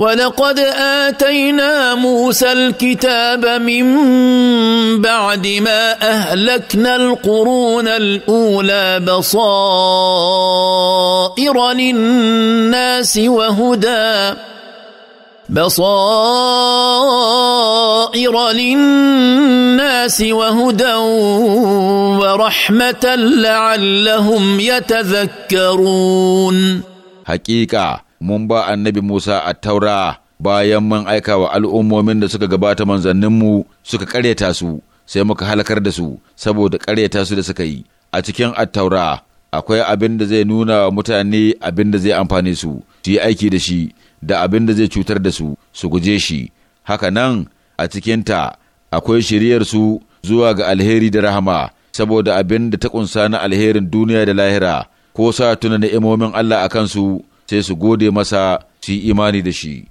ولقد اتينا موسى الكتاب من بعد ما اهلكنا القرون الاولى بصائر للناس وهدى بصائر للناس وهدى ورحمه لعلهم يتذكرون حقيقه mun ba annabi Musa a taura bayan mun aika wa al'ummomin da suka gabata manzanninmu suka karyata su sai muka halakar da su saboda karyata su da suka yi a cikin attaura akwai abin da zai nuna wa mutane abin da zai amfane su su yi aiki da shi da abin da zai cutar da su su guje shi haka nan a cikinta akwai shiriyar su zuwa ga alheri da rahama saboda abin da ta ƙunsa na alherin duniya da lahira ko sa tuna ni'imomin Allah a kansu sai su gode masa su yi imani da shi